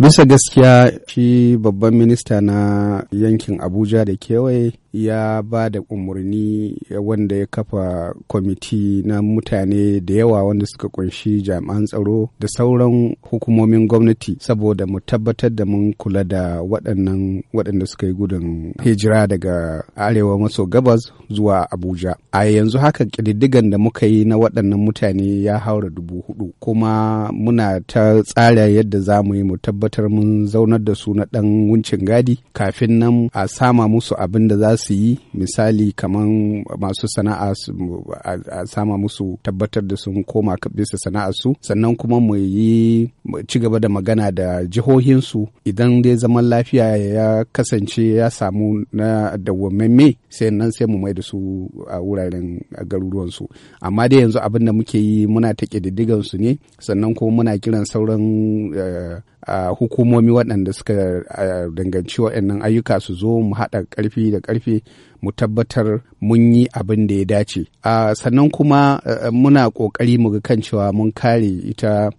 Bisa gaskiya shi babban minista na yankin Abuja da kewaye ya ba da umarni wanda ya kafa kwamiti na mutane da yawa wanda suka kunshi jami'an tsaro da sauran hukumomin gwamnati saboda mu tabbatar da mun kula da waɗannan waɗanda suka yi gudun hijira daga arewa maso gabas zuwa abuja a yanzu haka ƙididdigan da muka yi na waɗannan mutane ya haura dubu hudu kuma muna ta tsara yadda za mu yi mu tabbatar mun zaunar da su na ɗan wuncin gadi kafin nan a sama musu abin da za su su yi misali kamar masu sana'a a sama musu tabbatar da sun koma bisa sana'a su sannan kuma mu yi ci gaba da magana da jihohinsu idan dai zaman lafiya ya kasance ya samu na dawwammame sai nan sai mu mai da su a wuraren garuruwansu amma dai yanzu abin da muke yi muna ta kididdigan su ne sannan kuma muna kiran sauran eh, hukumomi waɗanda suka eh, danganci waɗannan ayyuka su zo mu haɗa ƙarfi da ƙarfi e mu tabbatar mun yi abin da ya dace sannan kuma eh, eh, muna ƙoƙari mu ga kan cewa mun kare ita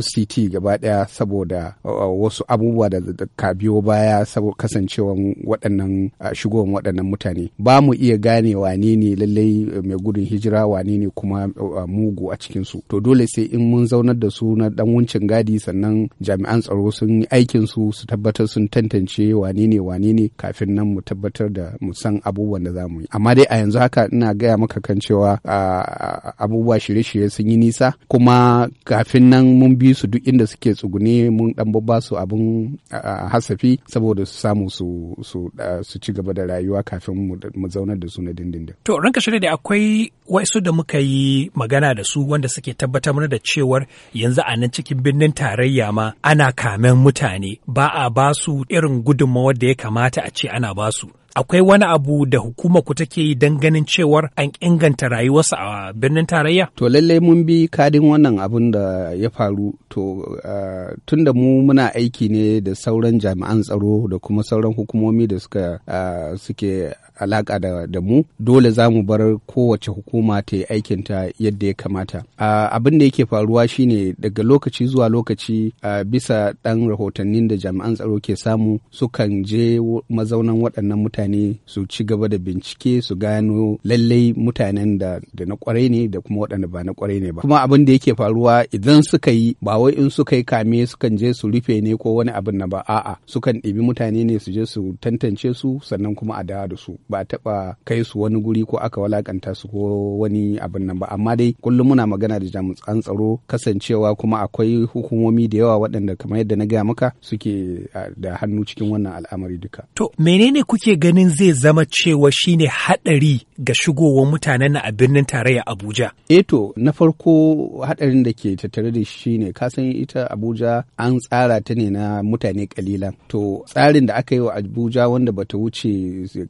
fct gaba ɗaya saboda wasu abubuwa da ka biyo baya saboda kasancewan waɗannan shigowar waɗannan mutane ba mu iya gane wane ne lallai eh, mai gudun hijira wane ne kuma mugu a cikinsu to dole sai in mun zaunar da su na ɗan wuncin gadi sannan jami'an tsaro sun yi su su tabbatar sun tantance wane ne wane ne kafin nan mu tabbatar da mu san abubuwan da za mu yi amma dai a yanzu haka ina gaya maka kan cewa abubuwa shirye-shirye sun yi nisa kuma kafin nan mun bi su duk inda suke tsugune mun dan babba su abin hasafi saboda su samu su ci gaba da rayuwa kafin mu zaunar da su na dindindin. To ranka shirya da akwai wasu da muka yi magana da su wanda suke tabbatar mana da cewar yanzu a nan cikin birnin tarayya ma ana kamen mutane ba a basu irin gudunmawar da ya kamata a ce ana basu. akwai wani abu da hukuma ku take yi don ganin cewar an inganta rayuwarsa a birnin tarayya? To lallai mun bi kadin wannan abun da ya faru to tun da mu muna aiki ne da sauran jami'an tsaro da kuma sauran hukumomi da suka suke alaka da, da mu dole za mu bar kowace hukuma ta yi aikinta yadda ya kamata abin da yake faruwa shine daga lokaci zuwa lokaci bisa ɗan rahotannin da jami'an tsaro ke samu sukan je mazaunan waɗannan mutane mutane su ci gaba da bincike su gano lallai mutanen da da na kwarai ne da kuma waɗanda ba na kwarai ne ba kuma abin da yake faruwa idan suka yi ba wai in suka yi kame sukan je su rufe ne ko wani abin na ba a'a sukan ɗibi mutane ne su je su tantance su sannan kuma a dawo da su ba a taɓa kai su wani guri ko aka walakanta su ko wani abin nan ba amma dai kullum muna magana da jami'an tsaro kasancewa kuma akwai hukumomi da yawa waɗanda kamar yadda na gaya maka suke da hannu cikin wannan al'amari duka to menene kuke gani ganin zai zama cewa shine hadari ga shigowar mutanen a birnin tarayya Abuja? Eto, eh na farko hadarin da ke tattare da shi ne, kasan ita Abuja an tsara ta ne na mutane kalilan. To, tsarin da aka yi wa Abuja wanda bata wuce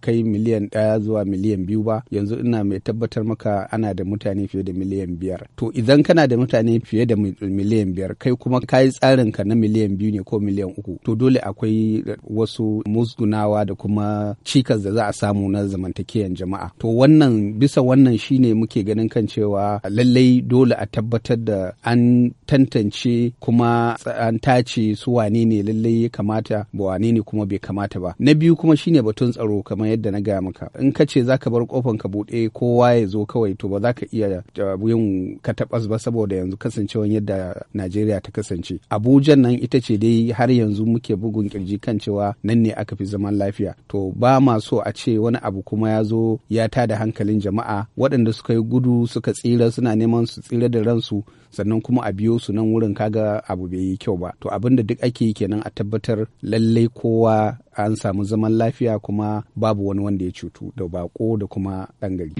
kai miliyan ɗaya zuwa miliyan biyu ba, yanzu ina mai tabbatar maka ana da mutane fiye da miliyan biyar. To, idan kana da mutane fiye da miliyan biyar, kai kuma ka yi tsarinka na miliyan biyu ne ko miliyan uku, to dole akwai wasu musgunawa da kuma cikas da za a samu na zamantakewan jama'a to wannan bisa wannan shine muke ganin kan cewa lallai dole a tabbatar da an tantance kuma an tace su wane ne lallai ya kamata ba wane ne kuma bai kamata ba na biyu kuma shine batun tsaro kamar yadda na gaya maka in ka ce zaka bar kofan ka buɗe kowa ya zo kawai to ba za ka iya uh, yin katabas ba saboda yanzu kasancewan yadda Najeriya ta kasance Abuja nan ita ce dai har yanzu muke bugun kirji kan cewa nan ne aka fi zaman lafiya to ba ma so a ce wani abu kuma ya zo ya ta da hankalin jama'a waɗanda suka yi gudu suka tsira suna neman su tsira da ransu sannan kuma a biyo su nan wurin kaga abu bai yi kyau ba to abin da duk ake yi kenan a tabbatar lallai kowa an samu zaman lafiya kuma babu wani wanda ya cutu da bako da kuma ɗan gari.